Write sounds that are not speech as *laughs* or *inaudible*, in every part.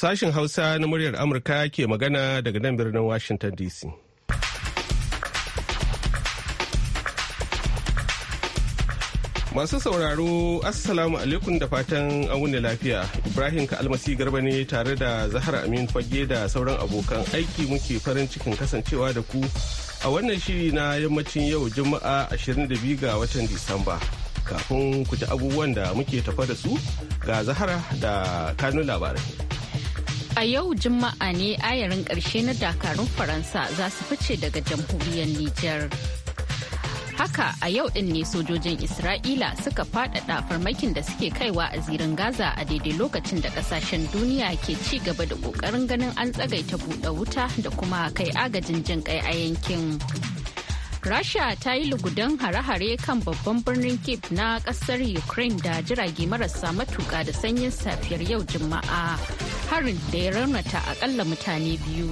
Sashen Hausa na muryar Amurka ke magana daga nan birnin Washington DC. Masu sauraro, Assalamu alaikum da fatan wuni lafiya. Ibrahim ka Almasi Garba ne tare da Zahra Amin Fage da sauran abokan aiki muke farin cikin kasancewa da ku a wannan shiri na yammacin yau Juma'a 22 ga watan Disamba. Kafin ku ji abubuwan da muke tafa da su ga Zahara da kanun labarai. A yau Juma'a ne ayarin ƙarshe na dakarun Faransa za su fice daga jamhuriyar Nijar. Haka a yau ɗin ne sojojin Isra'ila suka faɗaɗa farmakin da suke kaiwa a zirin Gaza a daidai lokacin da ƙasashen duniya ke ci gaba da ƙoƙarin ganin an tsagaita buɗe wuta da kuma kai agajin jin kai a yankin. Rasha ta yi lugudan hare-hare kan babban birnin Kiev na kasar Ukraine da jirage marasa matuka da sanyin safiyar yau Juma'a harin da ya raunata akalla mutane biyu.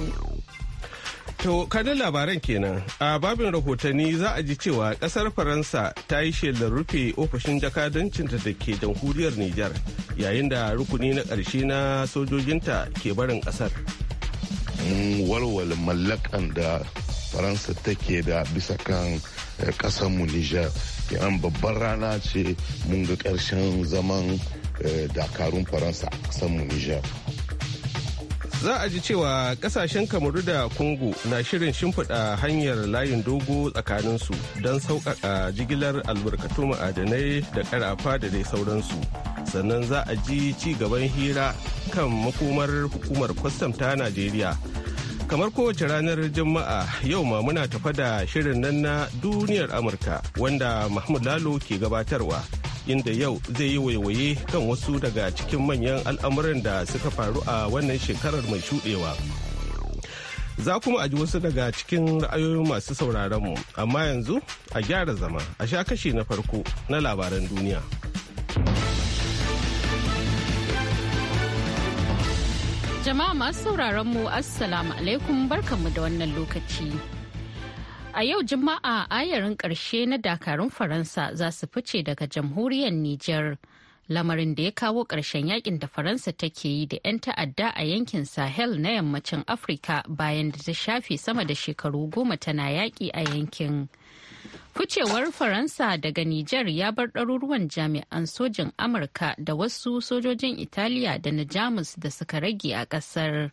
To, kanin labaran kenan, a babin rahotanni za a ji cewa kasar Faransa ta yi shelar rufe ofishin jakadancinta da ke jamhuriyar Nijar, yayin da rukuni na ƙarshe na sojojinta ke barin ƙasar. Mun walwala mallakan da faransa take da bisa kan eh, mu nijar yan babban rana ce mun ga karshen zaman eh, dakarun faransa a mu nijar za a ji cewa kasashen kamaru da congo na shirin shimfiɗa hanyar layin dogo tsakanin su don sauƙaƙa jigilar albarkatu ma'adanai da ƙarafa da dai sauransu sannan za a ji ci gaban hira kan makomar hukumar kwastam ta najeriya kamar kowace ranar juma'a yau ma muna tafa da shirin nan na duniyar amurka wanda mahmud lalo ke gabatarwa inda yau zai yi waiwaye kan wasu daga cikin manyan al'amuran da suka faru a wannan shekarar mai shuɗewa. Za kuma a ji wasu daga cikin ra'ayoyin masu sauraronmu, amma yanzu a gyara zama a sha kashi na farko na labaran duniya. Jama'a masu sauraron mu Assalamu alaikum barkanmu da wannan lokaci. A yau Juma'a ayarin ƙarshe na dakarun Faransa za su fice daga jamhuriyar Nijar. Lamarin da ya kawo ƙarshen yakin da Faransa take yi da 'yan ta'adda a yankin Sahel na yammacin Afirka bayan da ta shafe sama da shekaru goma tana yaƙi a yankin. Ficewar Faransa daga Nijar ya bar ɗaruruwan jami'an sojin Amurka da wasu sojojin Italiya da na Jamus da suka rage a ƙasar.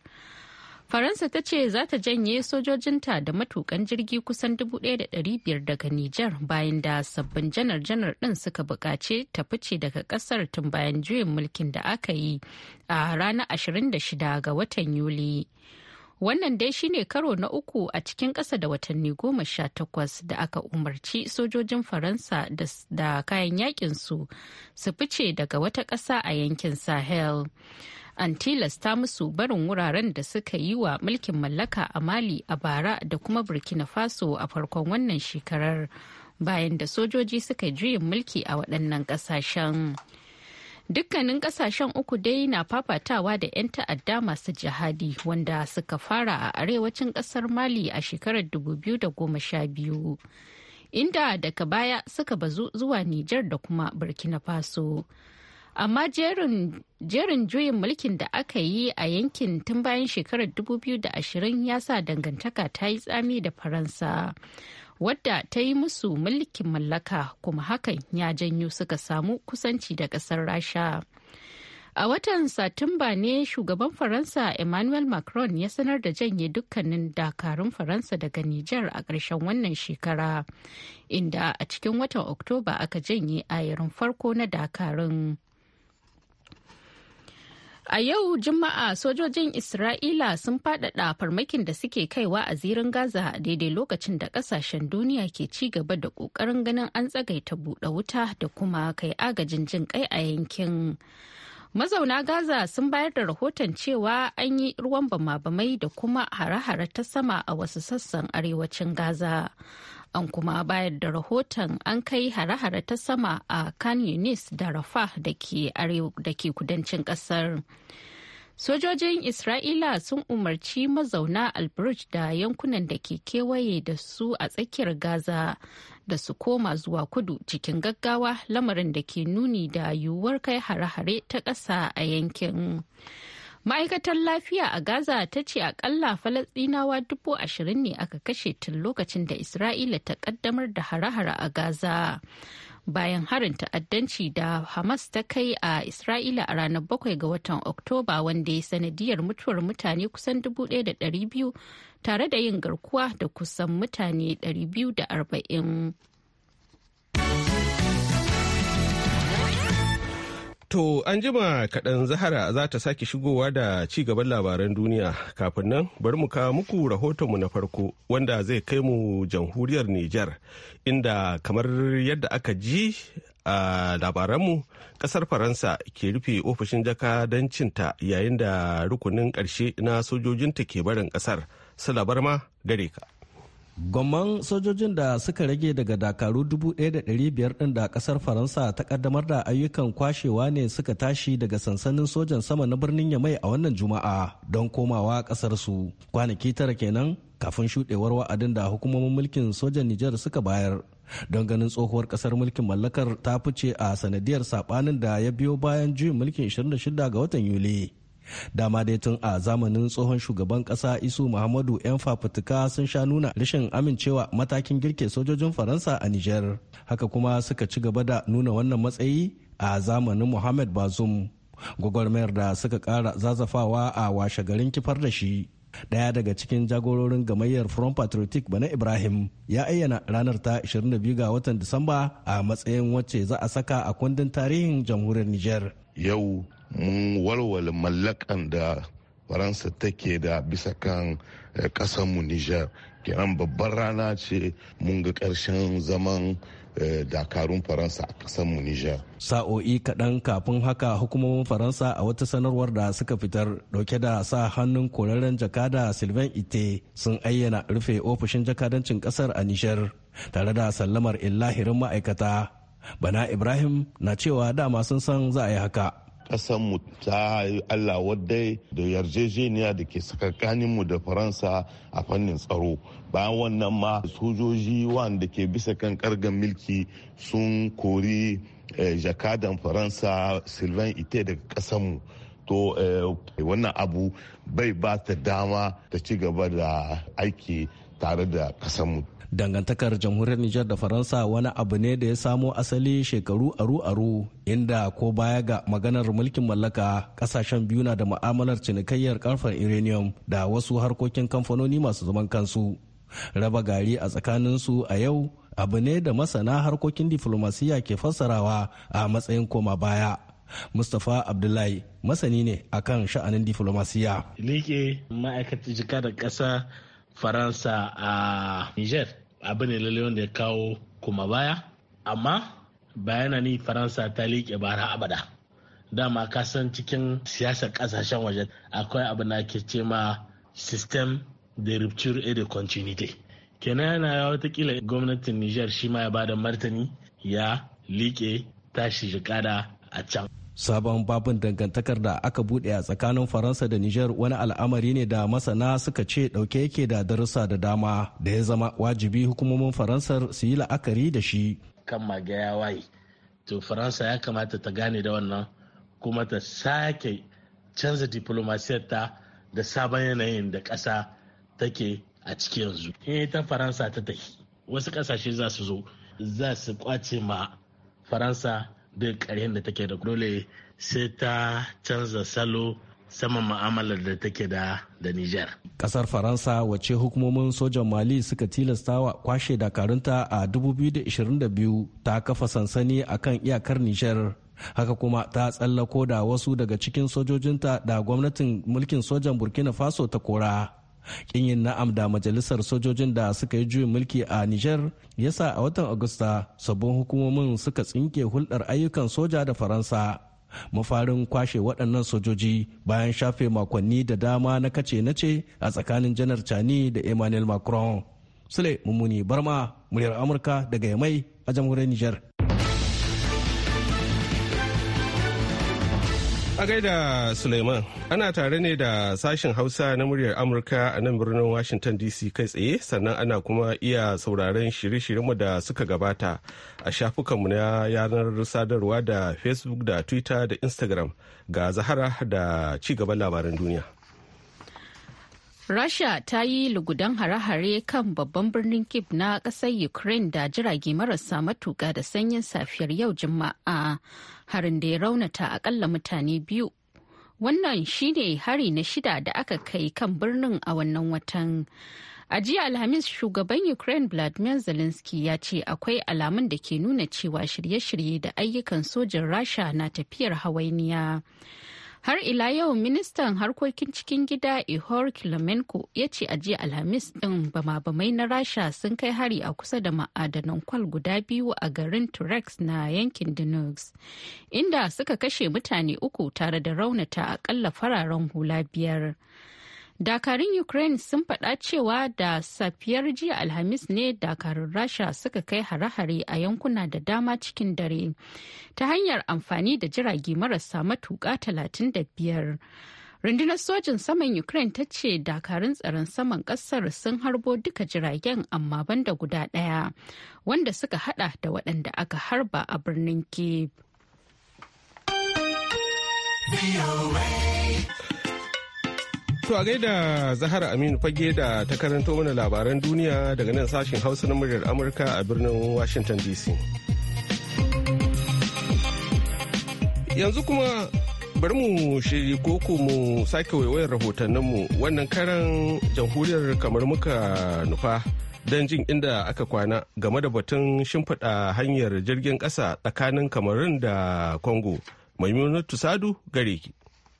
Faransa ta ce za ta janye sojojinta da matukan jirgi kusan 1,500 daga Nijar bayan da sabbin janar-janar ɗin suka buƙace ta fice daga ƙasar tun bayan juyin mulkin da aka yi a ranar 26 ga watan Yuli. Wannan dai shine karo na uku a cikin ƙasa da watanni goma sha takwas da aka umarci sojojin Faransa da kayan yakinsu su fice daga wata ƙasa a yankin Sahel. An tilasta musu barin wuraren da suka yi wa mulkin mallaka a Mali a bara da kuma Burkina Faso a farkon wannan shekarar bayan da sojoji suka juyin mulki a waɗannan ƙasashen. Dukkanin kasashen uku dai na fafatawa da 'yan ta'adda masu jihadi wanda suka fara a arewacin kasar Mali a shekarar 2012. Inda daga baya suka bazu zuwa Nijar da kuma Burkina Faso. amma jerin juyin mulkin da aka yi a yankin tun bayan shekarar 2020 ya sa dangantaka ta yi tsami da faransa wadda ta yi musu mulkin mallaka kuma hakan ya janyo suka samu kusanci da ƙasar rasha a watan satumba ne shugaban faransa emmanuel macron ya sanar da janye dukkanin dakarun faransa daga nijar a ƙarshen wannan shekara inda a cikin watan oktoba aka janye ayarin farko na dakarun A yau Juma'a sojojin Isra'ila sun faɗaɗa farmakin da suke kaiwa a zirin Gaza a daidai lokacin da ƙasashen duniya ke ci gaba da ƙoƙarin ganin an tsagaita buɗe wuta da kuma kai agajin jin kai a yankin. Mazauna Gaza sun bayar da rahoton cewa an yi ruwan bama-bamai da kuma hare-hare ta sama a wasu sassan arewacin Gaza. an kuma bayar da rahoton an kai hare-hare ta sama a kan Yunis da Rafah da ke kudancin kasar. Sojojin Isra'ila sun umarci mazauna Albruj da yankunan da ke kewaye da su a tsakiyar Gaza da su koma zuwa kudu cikin gaggawa lamarin da ke nuni da yiwuwar kai hare-hare ta ƙasa a yankin. ma'aikatar lafiya a gaza ta ce akalla falasdinawa dubu ashirin ne aka kashe tun lokacin da isra'ila ta kaddamar da hare-hare a gaza bayan harin ta'addanci da hamas ta kai a isra'ila a ranar bakwai ga watan oktoba wanda ya sanadiyar mutuwar mutane kusan dubu da biyu tare da yin garkuwa da kusan mutane da arba'in To an jima kaɗan Zahara za ta sake shigowa da ci gaban labaran duniya kafin nan bari mu kawo muku rahotonmu na farko wanda zai kai mu jamhuriyar Nijar inda kamar yadda aka ji a labaranmu ƙasar Faransa ke rufe ofishin jakadancinta yayin da rukunin ƙarshe na sojojinta ke barin ƙasar. Salabar ma gare ka. Gwamman sojojin da suka rage daga dakaru 1,500 ɗin da ƙasar Faransa ta ƙaddamar da ayyukan kwashewa ne suka tashi daga sansanin sojan sama na birnin Yamai a wannan Juma'a don komawa ƙasarsu. Kwanaki tara kenan kafin shuɗewar wa'adin da hukumomin mulkin sojan Nijar suka bayar. Don ganin tsohuwar ƙasar mulkin mallakar ta fice a sanadiyar saɓanin da ya biyo bayan juyin mulkin 26 ga watan Yuli. dama dai tun a zamanin tsohon shugaban kasa isu muhammadu yan fafutuka sun sha nuna rashin amincewa matakin girke sojojin faransa a niger haka kuma suka ci gaba da nuna wannan matsayi a zamanin muhammad bazum gwagwarmayar da suka kara zazafawa a washe garin kifar da shi Daya daga cikin jagororin gamayyar Front Patriotic Bana Ibrahim ya ayyana ranar ta 22 ga watan Disamba a matsayin wacce za a saka a kundin tarihin jamhuriyar niger. Yau mun walwala mallakan da Faransa take da bisa kan kasanmu eh, niger Kenan babbar rana ce mun ga karshen zaman Eh, dakarun faransa a nijar sa'o'i kaɗan kafin haka hukumomin faransa a wata sanarwar da suka fitar dauke da sa hannun koraren jakada sylvain ite sun ayyana rufe ofishin jakadancin ƙasar a niger tare da sallamar illahirin ma'aikata bana ibrahim na cewa dama sun san za a yi haka kasan mu ta Allah wadai da yarjejeniya da ke mu da Faransa a fannin tsaro. Bayan wannan ma sojoji wanda ke bisa kan kargan milki sun kori eh, jakadan Faransa Sylvain Ite daga mu To eh, wannan abu bai ba ta dama ta ci gaba da aiki tare da kasan mu. dangantakar jamhuriyar Nijar da Faransa wani abu ne da ya samo asali shekaru aru-aru inda ko baya ga maganar mulkin mallaka kasashen biyu na da ma'amalar cinikayyar karfar uranium da wasu harkokin kamfanoni masu zaman kansu. Raba gari a tsakaninsu a yau abu ne da masana harkokin diflomasiya ke fassarawa a matsayin koma baya. Mustapha Abdullahi masani ne akan sha'anin diflomasiya. Like ma'aikata jika da ƙasa faransa a niger abu ne lalle wanda ya kawo kuma baya amma bayana ni faransa ta liƙe bara abada dama ka san cikin siyasar ƙasashen waje akwai abu na ke ce ma system de rupture et de continuité kenan yana ya watakila gwamnatin niger shi ma ya bada martani ya liƙe tashi jikada a can sabon babin dangantakar da aka bude a tsakanin faransa da niger wani al'amari ne da masana suka ce dauke yake da darussa da dama da ya zama wajibi hukumomin faransar su yi la'akari da shi kan magaya ya waye to faransa ya kamata ta gane da wannan kuma ta sake canza diplomasiyar ta da sabon yanayin da ƙasa take a ciki yanzu eh ta faransa ta tafi wasu kasashe za su zo za su kwace ma faransa duk karyar da take da dole sai ta canza salo saman ma'amalar da take da da Nijar. Kasar Faransa wace hukumomin sojan Mali suka tilasta wa kwashe dakarunta a 2022 ta kafa sansani akan iyakar Nijar. Haka kuma ta tsallako da wasu daga cikin sojojinta da gwamnatin mulkin sojan Burkina Faso ta kora. kin yin na'am da majalisar sojojin da suka yi juyin mulki a niger yasa a watan agusta sabbin hukumomin suka tsinke hulɗar ayyukan soja da faransa mafarin kwashe waɗannan sojoji bayan shafe makonni da dama na kace na ce a tsakanin janar chani da emmanuel macron sule mummuni barma muryar amurka daga yamai a jamhuriyar niger A gaida Suleiman, ana tare ne da sashen Hausa na muryar Amurka a nan birnin Washington DC kai tsaye, sannan ana kuma iya sauraron shirye-shiryenmu da suka gabata a shafukanmu na yanar sadarwa da Facebook da Twitter da Instagram ga Zahara da ci gaban labaran duniya. Rasha ta yi lugudan hare-hare kan babban birnin Kyiv na ƙasar Ukraine da jirage marasa matuƙa da sanyin safiyar yau Juma'a harin da ya raunata akalla mutane biyu. Wannan shine hari na shida da aka kai kan birnin a wannan watan. A jiya Alhamis shugaban Ukraine Vladimir Zelensky ya ce akwai alamun da ke nuna cewa shirye-shirye da ayyukan sojin Rasha na tafiyar hawainiya. har ila yau ministan harkokin cikin gida ihor kilomenko ya ce a jiya alhamis din bama-bamai na rasha sun kai hari a kusa da ma'adanan kwal guda biyu a garin turex na yankin dinox inda suka kashe mutane uku tare da raunata akalla fararen hula biyar dakarun ukraine sun faɗa cewa da safiyar jiya alhamis ne dakarun rasha suka kai hare-hare a yankuna da dama cikin dare ta hanyar amfani da jirage marasa matuƙa 35 rundunar sojin saman ukraine ta ce dakarun tsaron saman kasar sun harbo duka jiragen amma banda guda daya wanda suka hada da waɗanda aka harba a birnin kiev To a gaida Zahara Aminu fage da ta karanto mana labaran duniya daga nan sashen Hausa na muryar Amurka a birnin Washington DC. Yanzu kuma bari mu shiri koko mu sake waiwayar rahotanninmu wannan karan jamhuriyar kamar muka nufa don jin inda aka kwana game da batun shimfiɗa hanyar jirgin ƙasa tsakanin kamarun da Congo. Maimunatu Sadu gare ki.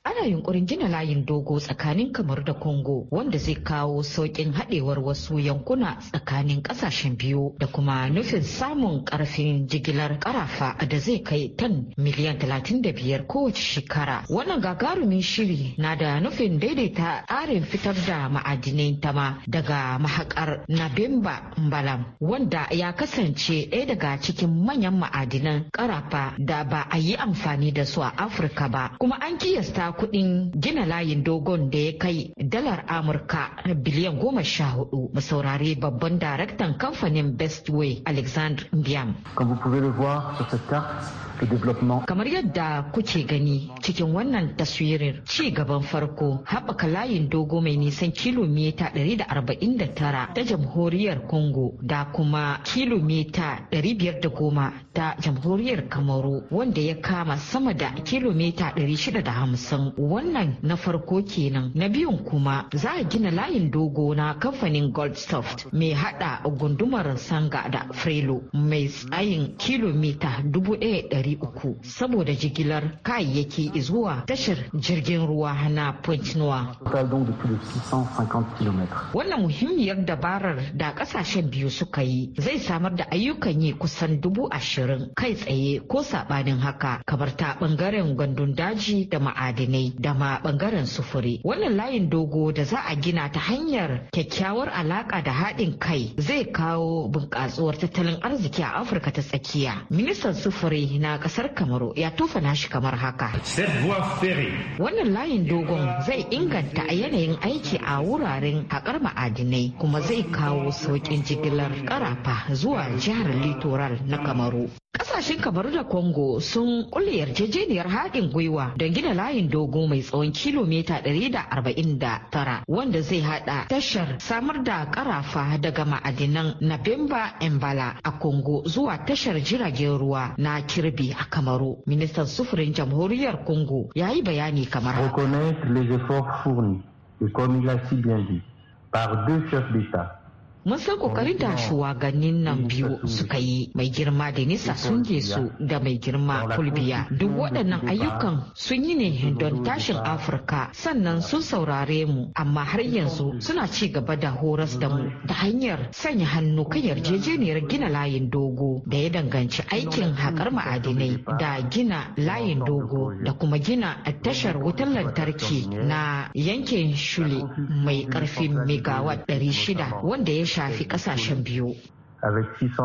ana yunkurin gina layin dogo tsakanin kamar da congo wanda zai kawo sauƙin haɗewar wasu yankuna tsakanin ƙasashen biyu da kuma nufin samun ƙarfin jigilar ƙarafa da zai kai tan miliyan 35 kowace shekara wannan gagarumin shiri na da nufin daidaita tsarin fitar da ma'adinai tama daga mahaƙar nabimba mbalam wanda ya kasance ɗaya daga cikin manyan ma'adinan ƙarafa da ba a yi amfani da su a afirka ba kuma an kiyasta kuɗin gina layin dogon da ya kai dalar Amurka biliyan goma sha hudu masaurare babban daraktan kamfanin Bestway Alexander Mbiam. Kamar yadda kuke gani cikin wannan taswirin ci gaban farko haɓaka layin dogo mai nisan kilomita 149 ta jamhuriyar Congo da kuma kilomita 510 ta jamhuriyar kamaru wanda ya kama sama da kilomita 650 wannan na farko kenan na biyun kuma za a gina layin dogo na kamfanin goldsoft mai hada gundumar sanga da frelo mai tsayin kilomita 1300 saboda jigilar kayayyaki zuwa tashar jirgin ruwa na point wannan muhimmiyar dabarar da kasashen biyu suka yi zai samar da ayyukan yi kusan dubu ashirin sinadarin kai tsaye ko saɓanin haka kamar ta ɓangaren gandun daji da ma'adinai da ma ɓangaren sufuri. Wannan layin dogo da za a gina ta hanyar kyakkyawar alaƙa da haɗin kai zai kawo bunƙasuwar tattalin arziki a Afirka ta tsakiya. Ministan sufuri na ƙasar Kamaru ya tofa nashi kamar haka. Wannan layin dogon zai inganta a yanayin aiki a wuraren haƙar ma'adinai kuma zai kawo sauƙin jigilar ƙarafa zuwa jihar litoral na Kamaru. Kasashen kamar da Congo sun kulle yarjejeniyar haɗin gwiwa don gina layin dogo mai tsawon kilomita 149 wanda zai haɗa tashar samar da ƙarafa daga ma'adinan Nabemba Embala a Congo zuwa tashar jiragen ruwa na Kirbi a Kamaru. Ministan sufurin jamhuriyar Congo ya yi bayani kamar haka. mun san kokarin da shugabannin nan biyu suka yi mai girma da nisa sun su da mai girma kulbiya duk waɗannan ayyukan sun yi ne don tashin afirka sannan sun saurare mu amma har yanzu suna ci gaba da horas da mu da hanyar sanya hannu kan yarjejeniyar gina layin dogo da ya danganci aikin haƙar ma'adinai da gina layin dogo da kuma gina tashar wutar lantarki na yankin shule mai ƙarfin megawatt 600 wanda ya avec 600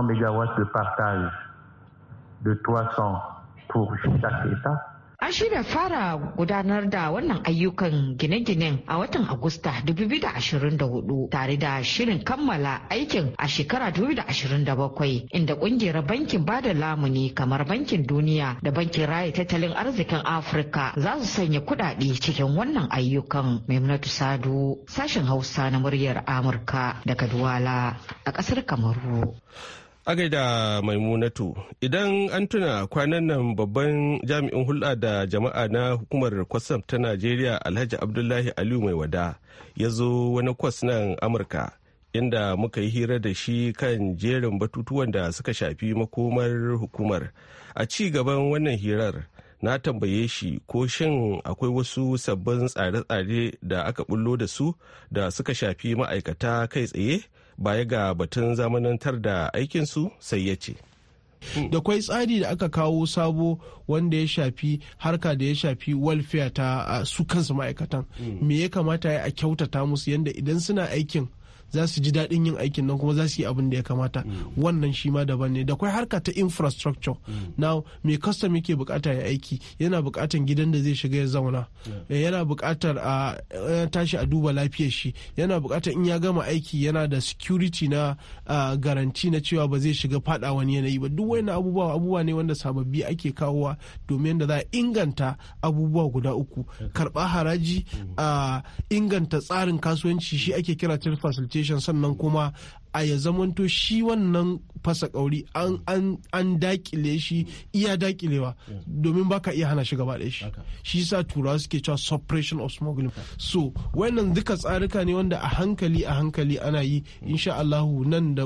MW de partage de 300 pour chaque État, An shirya fara gudanar da wannan ayyukan gine-ginen a watan Agusta 2024 tare da shirin kammala aikin a shekara 2027 inda kungiyar bankin bada lamuni kamar bankin duniya da bankin raya tattalin arzikin Afirka za su sanya kudade cikin wannan ayyukan Maimunatu Sadu sashen Hausa na muryar Amurka daga Duwala a ƙasar Kamaru. A gaida maimunatu idan an tuna kwanan nan babban jami'in hulɗa da jama'a na hukumar kwasam ta Najeriya Alhaji Abdullahi Aliyu mai wada ya zo wani kwas nan Amurka inda muka yi hira da shi kan jerin batutuwan da suka shafi makomar hukumar. A ci gaban wannan hirar na tambaye shi ko shin akwai wasu sabbin tsare-tsare da aka bullo da su da suka shafi ma'aikata kai tsaye. baya ga batun zamanantar da aikinsu sai ya ce da kwai tsari da aka kawo sabo wanda ya shafi harka da ya shafi welfare ta su kansu ma'aikatan mm. me ya kamata ya a kyautata musu yadda idan suna aikin za su ji daɗin yin aikin nan kuma za su yi abin da ya kamata mm. wannan shi ma daban ne da kwai harka ta infrastructure mm. na mai custom yake bukata ya aiki yana bukatar gidan da zai shiga ya zauna yana bukatar a tashi a duba lafiyar shi yana bukatar in ya gama aiki yana da security na garanti na cewa ba zai shiga fada wani yanayi ba duk wani abubuwa abubuwa ne wanda sababbi ake kawowa domin da za a inganta abubuwa guda uku karba haraji mm. a inganta tsarin kasuwanci shi ake kira trade foundation sannan kuma a ya zamanto shi wannan fasa kauri an dakile shi iya dakilewa domin baka iya hana shi gaba shi shi sa turawa suke cewa suppression of smuggling so wannan duka tsarika ne wanda a hankali a hankali ana yi mm. insha Allahu nan da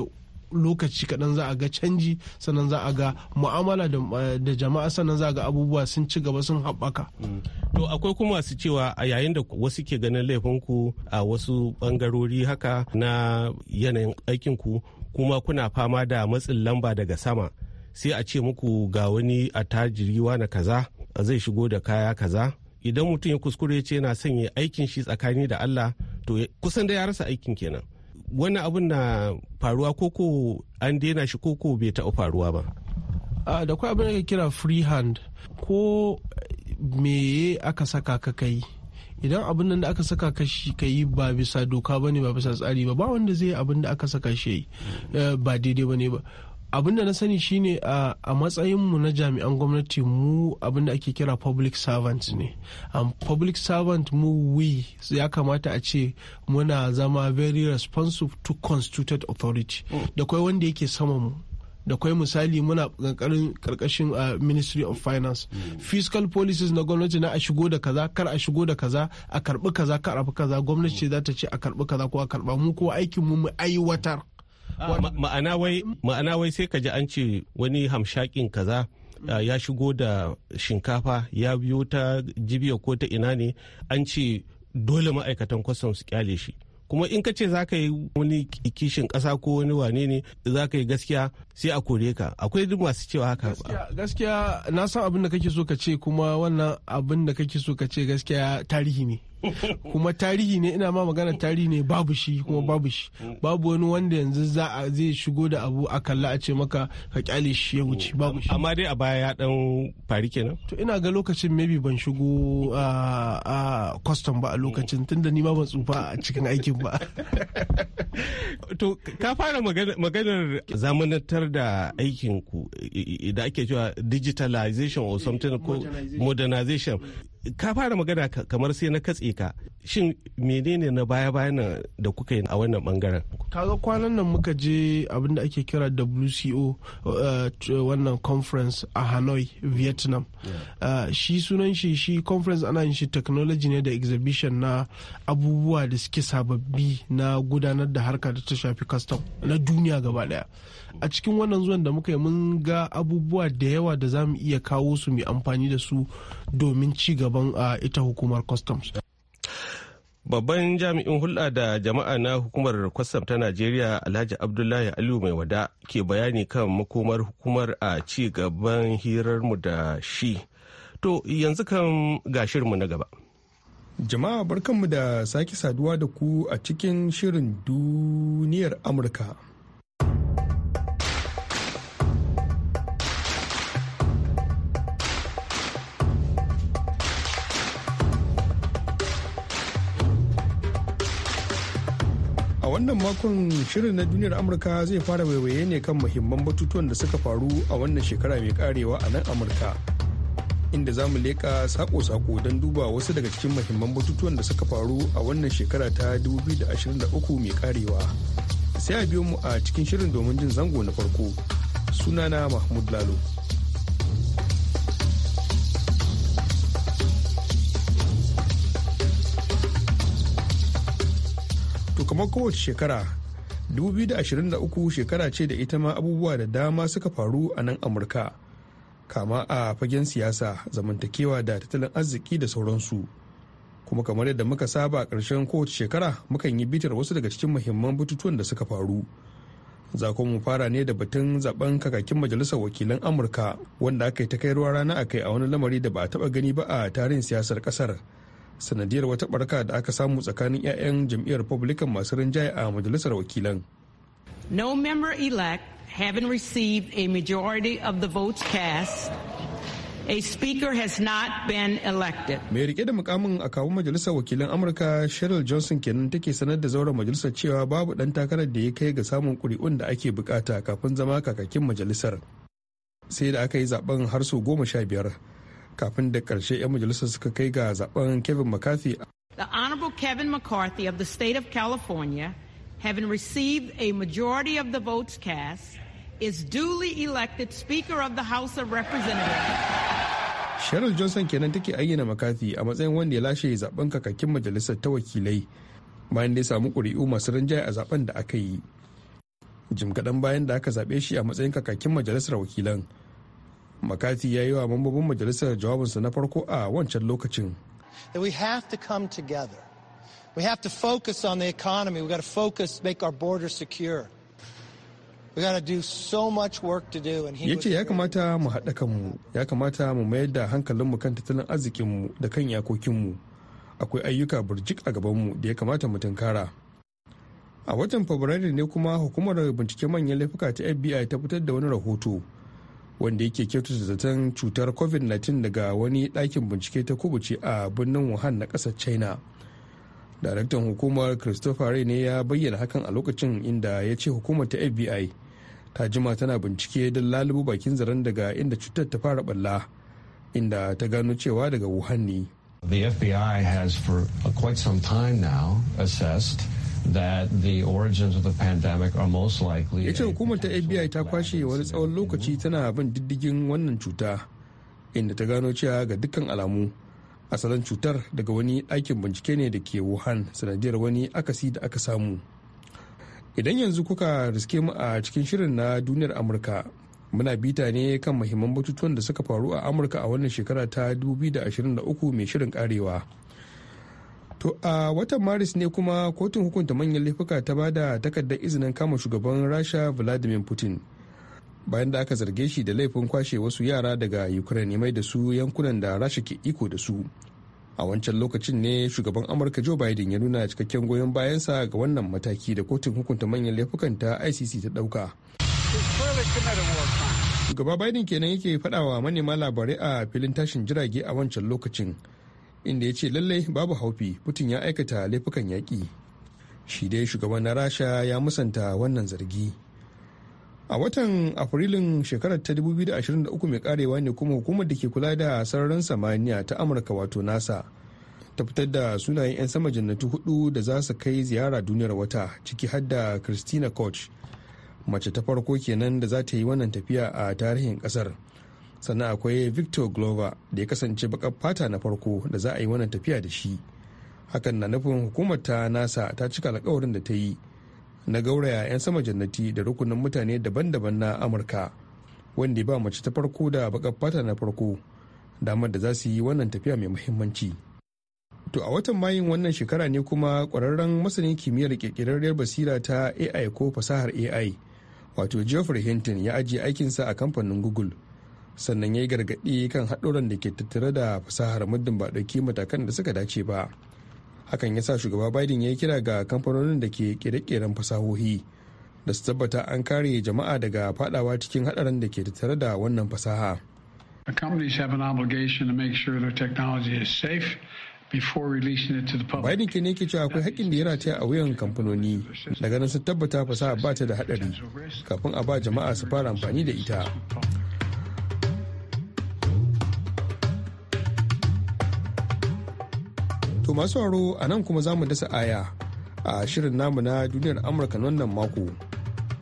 lokaci kaɗan za a ga canji sannan za a ga mu'amala da jama'a sannan za a ga abubuwa sun ci gaba sun haɓaka. Mm. to akwai kuma su cewa a yayin da wasu ke ganin laifinku a wasu ɓangarori haka na yanayin aikinku kuma kuna fama da matsin lamba daga sama sai a ce muku ga wani jiriwa na kaza zai shigo da kaya kaza idan mutum ya kuskure ce yana sanya aikin shi tsakani da allah to kusan da ya rasa aikin kenan wani abin na faruwa koko an daina shi koko bai taɓa faruwa ba da kwai abin da kira free hand ko meye aka saka ka kai idan abin nan da aka saka ka ka yi ba bisa doka ba ne ba bisa tsari ba ba wanda zai abin da aka saka shi eh, ba daidai ba ne ba abin da na sani shine a matsayinmu na jami'an gwamnati mu abin da ake kira public servant ne um, public servant mu we ya kamata a ce muna zama very responsive to constituted authority mm. da kwai wanda yake sama mu da kwai misali muna kankanin karkashin ministry of finance mm. fiscal policies na gwamnati na a shigo da kaza kar a shigo da kaza a karbi kaza kar a kaza gwamnati mm. ce za ta ce a karbi kaza ko a karba mu ko aikin mu mu aiwatar Ah, ma'ana wai sai ka ji an ce wani hamshakin kaza ah, ya shigo da shinkafa ya biyo ta jibiya ko ta ina ne an ce dole ma'aikatan kwastam su kyale shi kuma in ka ce za ka yi wani kishin ƙasa ko wani wane ne za ka yi gaskiya sai a kore ka akwai duk masu cewa haka gaskiya na san abin da kake so ka ce kuma wannan abin da kake so ka ce gaskiya tarihi ne *laughs* kuma tarihi ne ina ma magana tarihi ne babu shi kuma babu shi babu wani wanda yanzu za a zai shigo da abu a kalla a ce maka ka kyale shi ya wuce babu shi amma dai a baya ya dan fari kenan to ina ga lokacin maybe ban shigo a custom ba a lokacin tunda ni ma ban tsufa a cikin aikin ba *laughs* to ka fara maganar zamanantar da aikin ku da ake cewa digitalization or something ko modernization ka fara magana kamar sai na katse ka shin menene na baya bayan da kuka yi a wannan bangaren kaga kwanan nan muka je abin da ake kira WCO uh, wannan conference a Hanoi Vietnam uh, shi sunan shi shi conference ana yin shi technology ne da exhibition na abubuwa da suke sababbi na gudanar da harka da ta shafi custom na duniya gaba daya a cikin wannan zuwan da muka yi mun ga abubuwa da yawa da za mu iya kawo su mai amfani da su domin ci gaba gaban ita hukumar customs babban jami'in hulɗa da jama'a na hukumar kwastam ta najeriya alhaji abdullahi aliyu mai wada ke bayani kan makomar hukumar a ci gaban hirarmu da shi to yanzu kan gashirinmu na gaba jama'a barkanmu da sake saduwa da ku a cikin shirin duniyar amurka wannan makon shirin na duniyar amurka zai fara waiwaye ne kan muhimman batutuwan da suka faru a wannan shekara mai karewa a nan amurka inda za mu leƙa sako-sako don duba wasu daga cikin muhimman batutuwan da suka faru a wannan shekara ta 2023 mai karewa sai a biyo mu a cikin shirin domin jin zango na farko sunana mahmud lalo kamar kowace shekara 2023 shekara ce da ita ma abubuwa da dama suka faru a nan amurka kama a fagen siyasa zamantakewa da tattalin arziki da sauransu kuma kamar yadda muka saba a ƙarshen kowace shekara mukan yi bitar wasu daga cikin muhimman batutuwan da suka faru za mu fara ne da batun zaben kakakin majalisar wakilan amurka wanda aka yi ta kai ruwa rana a kai a wani lamari da ba a taba gani ba a tarihin siyasar kasar sanadiyar wata barka da aka samu tsakanin 'ya'yan jam'iyyar republican masu rinjaye a majalisar wakilan no member elect having received a majority of the votes cast a speaker has not been elected mai rike da mukamin a kawo majalisar wakilan amurka sheryl johnson kenan take sanar da zauren majalisar cewa babu dan takarar da ya kai ga samun kuri'un da ake bukata kafin zama kakakin majalisar sai da aka yi zaben har sau goma sha biyar kafin da karshe 'yan majalisar suka kai ga zaben Kevin McCarthy. The Honorable Kevin McCarthy of the state of California, having received a majority of the votes cast, is duly elected Speaker of the House of Representatives. Sheryl Johnson kenan take ayyana McCarthy a matsayin wanda ya lashe zaben kakakin majalisar ta wakilai bayan da ya samu ƙuri'u masu rinjaye a zaben da aka yi. Jim kaɗan bayan da aka zaɓe shi a matsayin kakakin majalisar wakilan makati ya yi wa mambobin majalisar jawabinsa na farko a wancan lokacin we have to focus on the economy got to focus make our ya ce ya kamata mu haɗa kanmu ya kamata mu mayar da hankalinmu kan tattalin arzikinmu da kan yakokinmu akwai ayyuka burjik a gabanmu da ya kamata mu tunkara a watan fabrairu ne kuma hukumar binciken manyan laifuka ta fbi ta fitar da wani rahoto wanda yake kyautata zaton cutar covid-19 daga wani ɗakin bincike ta kubuce a birnin wuhan na ƙasar china daraktan hukumar christopher ray ne ya bayyana hakan a lokacin inda ya ce hukumar ta fbi ta jima tana bincike don lalubu bakin zaren daga inda cutar ta fara balla inda ta gano cewa daga wuhan ne The FBI has for quite some time now assessed that ce hukumar ta FBI ta kwashe wani tsawon lokaci tana bin diddigin wannan cuta inda ta gano cewa ga dukkan alamu asalin cutar daga wani aikin bincike ne da ke Wuhan sanadiyar wani akasi da aka samu idan yanzu kuka riske mu a cikin shirin na duniyar Amurka muna bita ne kan mahimman batutuwan da suka faru a Amurka a wannan shekara ta 2023 mai shirin karewa To a watan Maris ne kuma kotun hukunta manyan laifuka ta ba da takardar izinin kama shugaban Rasha Vladimir Putin. Bayan da aka zarge shi da laifin kwashe wasu yara daga Ukraine mai da su yankunan da Rasha ke iko da su. A wancan lokacin ne shugaban Amurka Joe Biden ya nuna cikakken goyon bayansa ga wannan mataki da kotun hukunta manyan laifukan ta ICC ta ɗauka. Shugaba Biden kenan yake faɗawa manema labarai a filin tashin jirage a wancan lokacin. inda ya ce lallai babu haufi putin ya aikata laifukan yaƙi shi dai shugaban na rasha ya musanta wannan zargi a watan afrilun shekarar ta 2023 mai karewa ne kuma hukumar da ke kula da sararin samaniya ta amurka wato nasa ta fitar da sunayen 'yan sama jannatu hudu da za su kai ziyara duniyar wata ciki har da christina koch mace ta farko kenan da za ta yi wannan tafiya a tarihin kasar sannan akwai victor glover da ya kasance bakar fata na farko da za a yi wannan tafiya da shi hakan na nufin hukumar ta nasa ta cika alkawarin da ta yi na gauraya 'yan sama jannati da rukunin mutane daban-daban na amurka wanda ba mace ta farko da bakar fata na farko damar da za su yi wannan tafiya mai muhimmanci to a watan mayun wannan shekara ne kuma kwararren masanin kimiyyar kirkirarriyar basira ta ai ko fasahar ai wato geoffrey hinton ya ajiye aikinsa a kamfanin google sannan ya yi gargaɗi kan haɗuran da ke tattare da fasahar muddin ba ɗauki matakan da suka dace ba hakan ya sa shugaba biden ya yi kira ga kamfanonin da ke ƙere-ƙeren fasahohi da su tabbata an kare jama'a daga fadawa cikin haɗarin da ke tattare da wannan fasaha Biden ke ne ke cewa akwai haƙƙin da ya rataya a wuyan kamfanoni daga nan su tabbata fasaha ba ta da haɗari kafin a ba jama'a su fara amfani da ita. To masu sauraro a nan kuma za mu dasa aya a shirin namu na duniyar Amurka wannan mako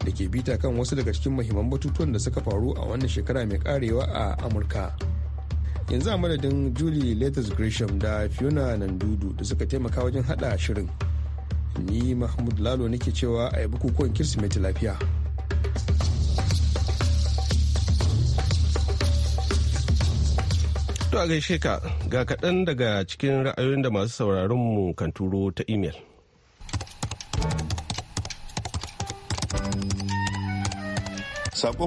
da ke bita kan wasu daga cikin muhimman batutuwan da suka faru a wannan shekara mai karewa a Amurka. Yanzu a madadin Julie Letters Gresham da Fiona Nandudu da suka taimaka wajen hada shirin. Ni Mahmud Lalo nake cewa a yi bukukuwan Kirsimeti lafiya. To a gaishe ka ga kaɗan daga cikin ra'ayoyin da masu sauraron mu kan turo ta imel.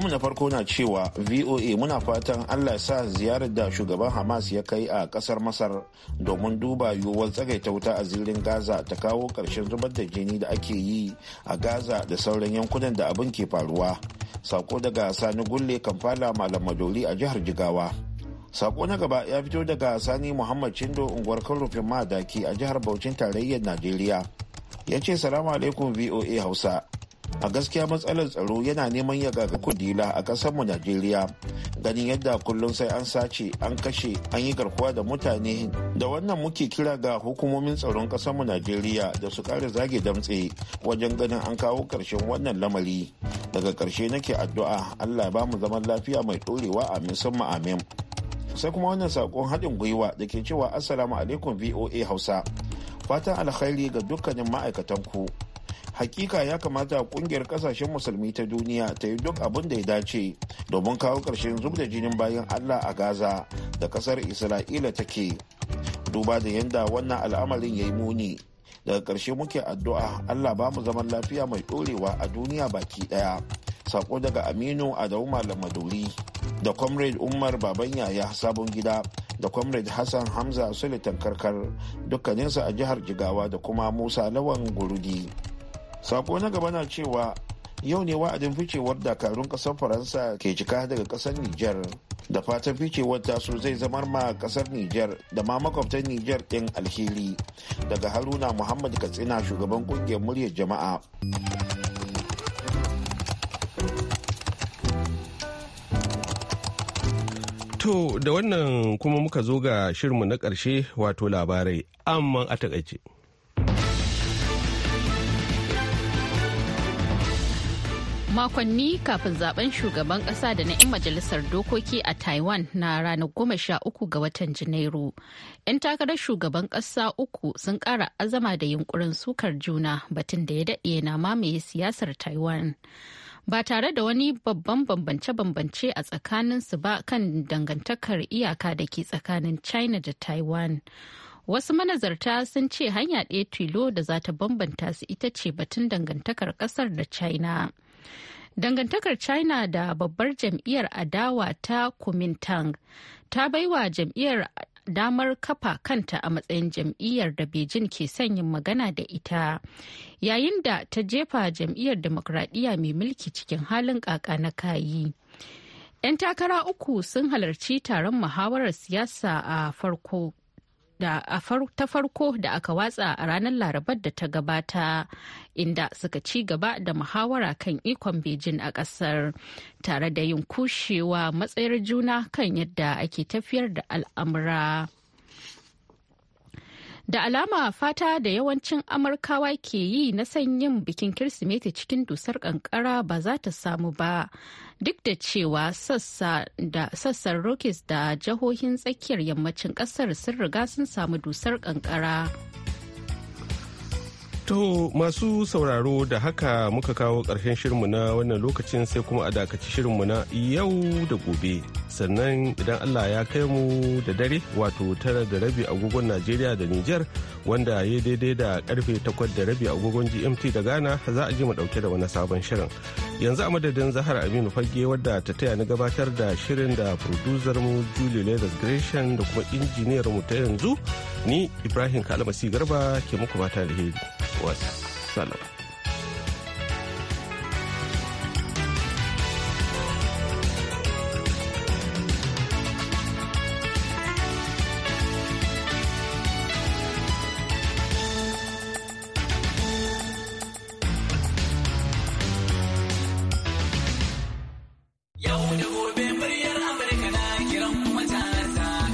mu na farko na cewa VOA muna fatan Allah sa ziyarar da shugaban Hamas ya kai a kasar Masar domin duba yiwuwar tsagaita wuta a zirin Gaza ta kawo ƙarshen zubar da jini da ake yi a Gaza da sauran yankunan da abin ke faruwa. Sako daga Sani Gulle Kamfala Malam Madoli a jihar Jigawa. sako na gaba ya fito daga sani muhammad chindo unguwar kan rufin madaki a jihar bauchin tarayyar najeriya ya ce salamu alaikum voa hausa a gaskiya matsalar tsaro yana neman ya gaga kudila a mu najeriya ganin yadda kullum sai an sace an kashe an yi garkuwa da mutane da wannan muke kira ga hukumomin tsaron mu najeriya da su ƙara zage damtse wajen ganin an kawo ƙarshen wannan lamari daga karshe nake addu'a allah ba mu zaman lafiya mai ɗorewa amin sun amin sai kuma wannan sakon haɗin gwiwa da ke cewa assalamu alaikum voa hausa fatan alkhairi ga dukkanin ma'aikatan ku hakika ya kamata kungiyar kasashen musulmi ta duniya ta yi duk abin da ya dace domin kawo ƙarshen zub da jinin bayan allah a gaza da ƙasar isra'ila take duba da yadda wannan al'amarin ya yi muni daga ƙarshe muke addu'a allah ba mu zaman lafiya mai ɗorewa a duniya baki ɗaya sako daga aminu adau malam maduri da comrade umar baban yaya sabon gida da comrade hassan hamza sulitan karkar dukkaninsu a jihar jigawa da kuma musa lawan gurudi sako na gaba na cewa yau ne wa'adin ficewar dakarun kasar faransa ke cika daga kasar nijar da fatan ficewar taso zai zamar ma kasar nijar da ma makwabtan nijar ɗin alheri daga haruna muhammad katsina shugaban ƙungiyar muryar jama'a To da wannan kuma muka zo ga shirinmu na ƙarshe wato labarai amma a takaice. Makonni kafin zaben shugaban ƙasa da na 'yan majalisar dokoki a Taiwan na ranar goma sha uku ga watan Janairu. 'Yan takarar shugaban ƙasa uku sun ƙara azama da yunkurin sukar juna batun da ya daɗe na mamaye siyasar Taiwan. ba tare da wani babban bambance-bambance a tsakaninsu ba kan dangantakar iyaka da ke tsakanin china da taiwan wasu manazarta sun ce hanya ɗaya tilo da za ta bambanta su ita ce batun dangantakar ƙasar da china dangantakar china da babbar jam'iyyar adawa ta kuomintang ta baiwa jam'iyyar damar kafa kanta a matsayin jam'iyyar da Beijing ke sanyin magana da ita. Yayin da ta jefa jam'iyyar demokradiyya mai mulki cikin halin kaka na kayi. 'Yan takara uku sun halarci taron muhawarar siyasa a farko da ta farko da aka watsa a ranar larabar da ta gabata inda suka ci gaba da muhawara kan ikon beijing a kasar tare da yin kushewa matsayar juna kan yadda ake tafiyar da al'amura. Da alama fata da yawancin Amurkawa ke yi na son yin bikin Kirsimeti cikin dusar kankara ba za ta samu ba, duk da cewa sassan Rockies da jihohin tsakiyar yammacin kasar sun riga sun samu dusar kankara. To masu sauraro da haka muka kawo ƙarshen shirinmu na wannan lokacin sai kuma a dakaci shirinmu na yau da gobe. sannan idan allah ya kai mu da dare wato tara da rabi agogon najeriya da niger wanda ya daidai da karfe takwas da rabi agogon gmt da ghana za a ji mu dauke da wani sabon shirin yanzu a madadin zahar aminu Fagge wadda ta taya ni gabatar da shirin da producer mu julie leathers gresham da kuma injiniyar mu ta yanzu ni ibrahim kalmasi garba ke muku mata da hedi wassalam